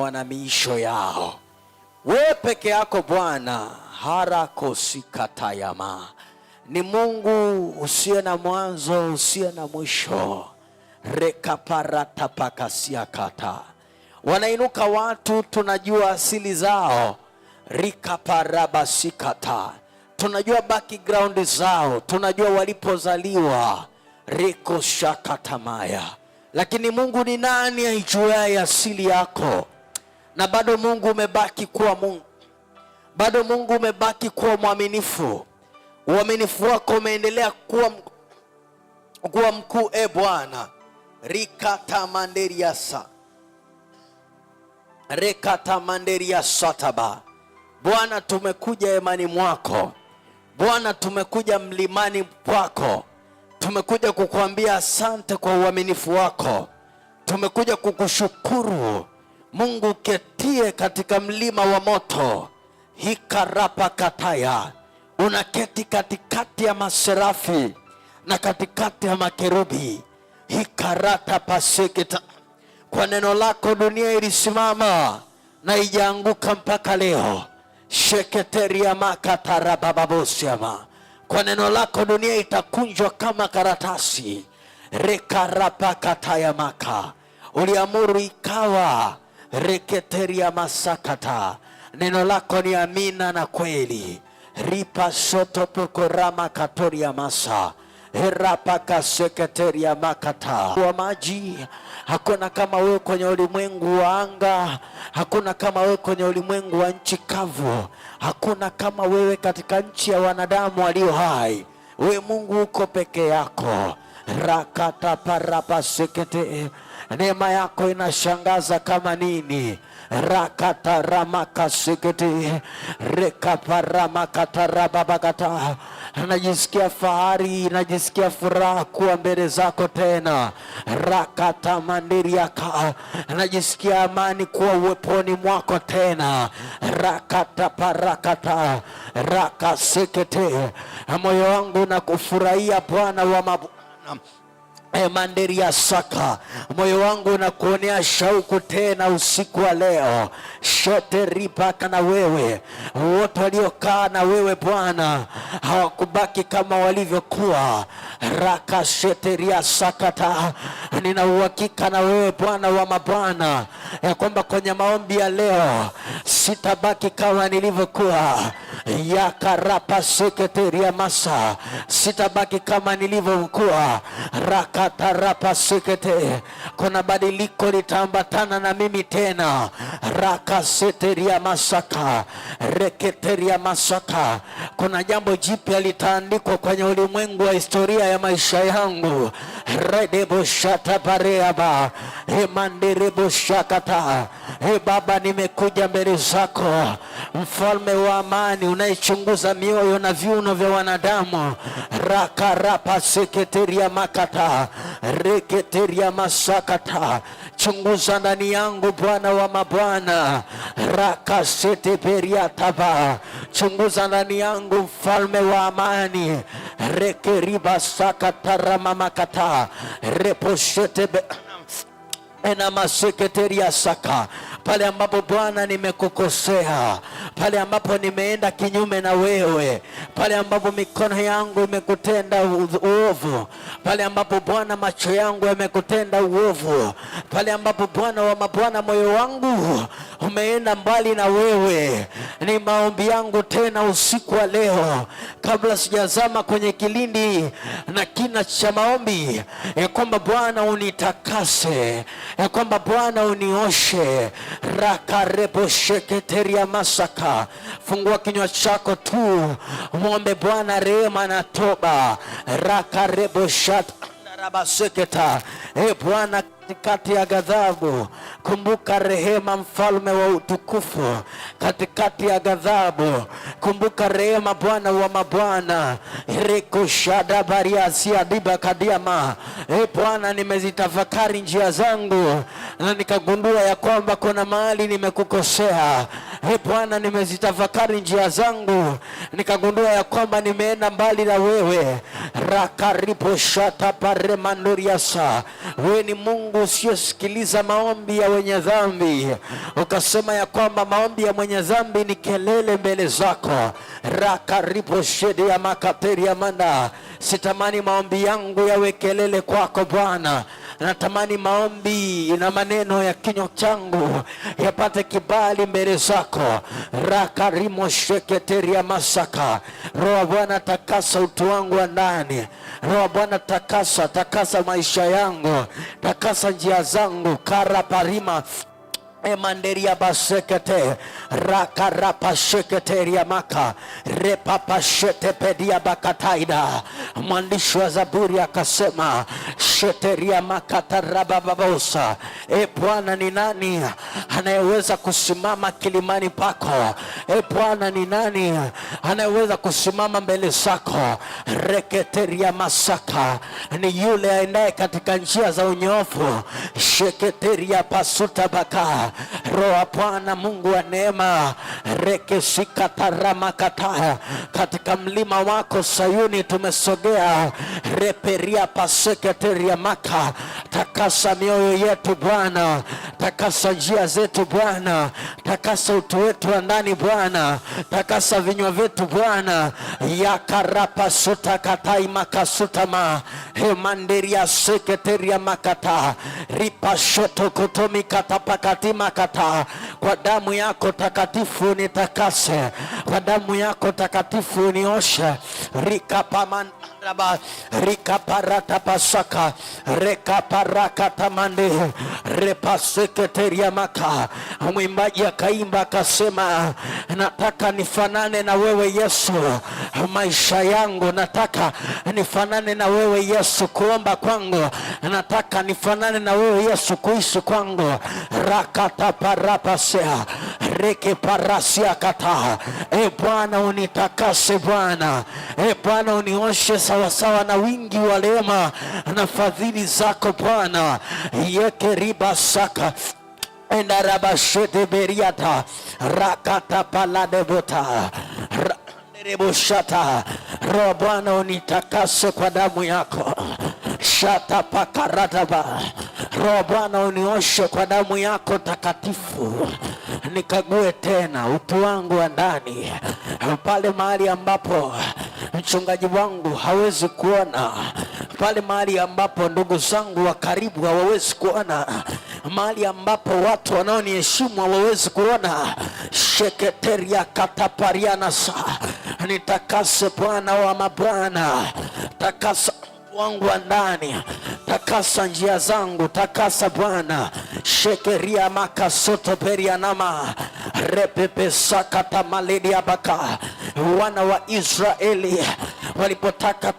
wana miisho yao. we peke yako Bwana harakosikatayama ni Mungu usiye na mwanzo usiye na mwisho. rekaparatapakasiakata wanainuka watu, tunajua asili zao. rikaparabasikata tunajua background zao, tunajua walipozaliwa. rikoshakatamaya lakini Mungu ni nani aijuaye asili yako? na bado Mungu umebaki kuwa Mungu, bado Mungu umebaki kuwa mwaminifu. Uaminifu wako umeendelea kuwa, kuwa mkuu. E Bwana rikatamanderiasa rekatamanderiasataba Bwana, tumekuja emani mwako Bwana, tumekuja mlimani kwako, tumekuja kukuambia asante kwa uaminifu wako, tumekuja kukushukuru Mungu ketie katika mlima wa moto hikarapakataya, unaketi katikati ya maserafi na katikati ya makerubi hikarata paseketa. Kwa neno lako dunia ilisimama na ijaanguka mpaka leo sheketeria makatarabababosiama. Kwa neno lako dunia itakunjwa kama karatasi maka Uliamuru ikawa reketeria masakata, neno lako ni amina na kweli. ripa soto pokorama katoria masa herapaka seketeria makata wa maji. Hakuna kama wewe kwenye ulimwengu wa anga, hakuna kama wewe kwenye ulimwengu wa nchi kavu, hakuna kama wewe katika nchi ya wanadamu walio hai. We Mungu uko peke yako rakata rakataparapasekete neema yako inashangaza kama nini rakata reka rakataramakasekete rekaparamakatarababakata najisikia fahari, najisikia furaha kuwa mbele zako tena. rakata mandiriaka, najisikia amani kuwa uweponi mwako tena. rakata parakata rakasekete, moyo wangu na kufurahia Bwana wa mabu Bwana eh, Manderi ya saka moyo wangu unakuonea shauku tena usiku wa leo, shote ripaka na wewe. Wote waliokaa na wewe Bwana hawakubaki kama walivyokuwa, raka sheteria sakata. Nina uhakika na wewe Bwana wa mabwana ya kwamba kwenye maombi ya leo sitabaki kama nilivyokuwa yakarapaseketeria masa, sitabaki kama nilivyokuwa. Rakatarapasekete, kuna badiliko litaambatana na mimi tena. Rakaseteria masaka, reketeria masaka, kuna jambo jipya litaandikwa kwenye ulimwengu wa historia ya maisha yangu. redeboshatabareaba emandereboshakata. E Baba, nimekuja mbele zako, mfalme wa amani unayechunguza mioyo na viuno vya wanadamu rakarapa seketeria makata reketeria masakata chunguza ndani yangu Bwana wa mabwana raka rakasiteperiataba chunguza ndani yangu mfalme wa amani makata reposhetebe enamaseketeria saka pale ambapo Bwana nimekukosea, pale ambapo nimeenda kinyume na wewe, pale ambapo mikono yangu imekutenda uovu, pale ambapo Bwana macho yangu yamekutenda uovu, pale ambapo Bwana wa mabwana moyo wangu umeenda mbali na wewe. Ni maombi yangu tena usiku wa leo, kabla sijazama kwenye kilindi na kina cha maombi, ya kwamba Bwana unitakase, ya kwamba Bwana unioshe. rakarebosheketeria masaka, fungua kinywa chako tu mwombe Bwana rehema na toba. rakareboshat rabaseketa e Bwana, katikati ya ghadhabu Kumbuka rehema, mfalme wa utukufu katikati ya ghadhabu. Kumbuka rehema, Bwana wa mabwana. rekoshadabariasiadibakadiama E Bwana, nimezitafakari njia zangu na nikagundua ya kwamba kuna mahali nimekukosea. E Bwana, nimezitafakari njia zangu, nikagundua ya kwamba nimeenda mbali na wewe. rakaripo shata paremandoriasa, wewe ni Mungu usiyosikiliza maombi ya wenye dhambi. Ukasema ya kwamba maombi ya mwenye dhambi ni kelele mbele zako. rakaripo shede ya makateri manda sitamani maombi yangu yawe kelele kwako Bwana natamani maombi na maneno ya kinywa changu yapate kibali mbele zako. rakarimo sheketeria masaka. Roho Bwana, takasa utu wangu wa ndani. Roho Bwana, takasa takasa maisha yangu, takasa njia zangu. parima emanderia basekete rakarapasheketeria maka pedia bakataida. Mwandishi wa Zaburi akasema sheteria makatarababavosa. E Bwana, ni nani anayeweza kusimama kilimani pako? E Bwana, ni nani anayeweza kusimama mbele zako? reketeria masaka ni yule aendaye katika njia za unyofu, sheketeria pasuta baka roa Bwana Mungu wa neema rekesikataramakata katika mlima wako Sayuni tumesogea reperia pasekete riamaka. Takasa mioyo yetu Bwana, takasa njia zetu Bwana, takasa utu wetu wa ndani Bwana, takasa vinywa vyetu Bwana. suta katai yakarapasutakataimakasutama hemanderia seketeria makata katapakati makata. kwa damu yako takatifu nitakase, kwa damu yako takatifu nioshe rikapaman raba parata pasaka reka paraka rekaparakatamande repaseketeria maka. Mwimbaji akaimba akasema, nataka nifanane na wewe Yesu, maisha yangu nataka nifanane na wewe Yesu, kuomba kwangu nataka nifanane na wewe Yesu, kuishi kwangu rakataparapasea rekiparasia kata. E Bwana unitakase Bwana, e Bwana unioshe sawasawa na wingi wa rehema na fadhili zako Bwana riba saka beriata rakata paladebota reboshata roa Bwana unitakase kwa damu yako shata pakarataba roa Bwana unioshe kwa damu yako takatifu nikague tena utu wangu wa ndani pale mahali ambapo mchungaji wangu hawezi kuona pale mahali ambapo ndugu zangu wa karibu hawawezi kuona, mahali ambapo watu wanaoniheshimu hawawezi kuona. sheketeria katapariana ni nitakase Bwana wa mabwana, takasa wangu wa ndani, takasa njia zangu, takasa Bwana. shekeria makasoto perianama repepesakatamalediabaka wana wa Israeli walipotaka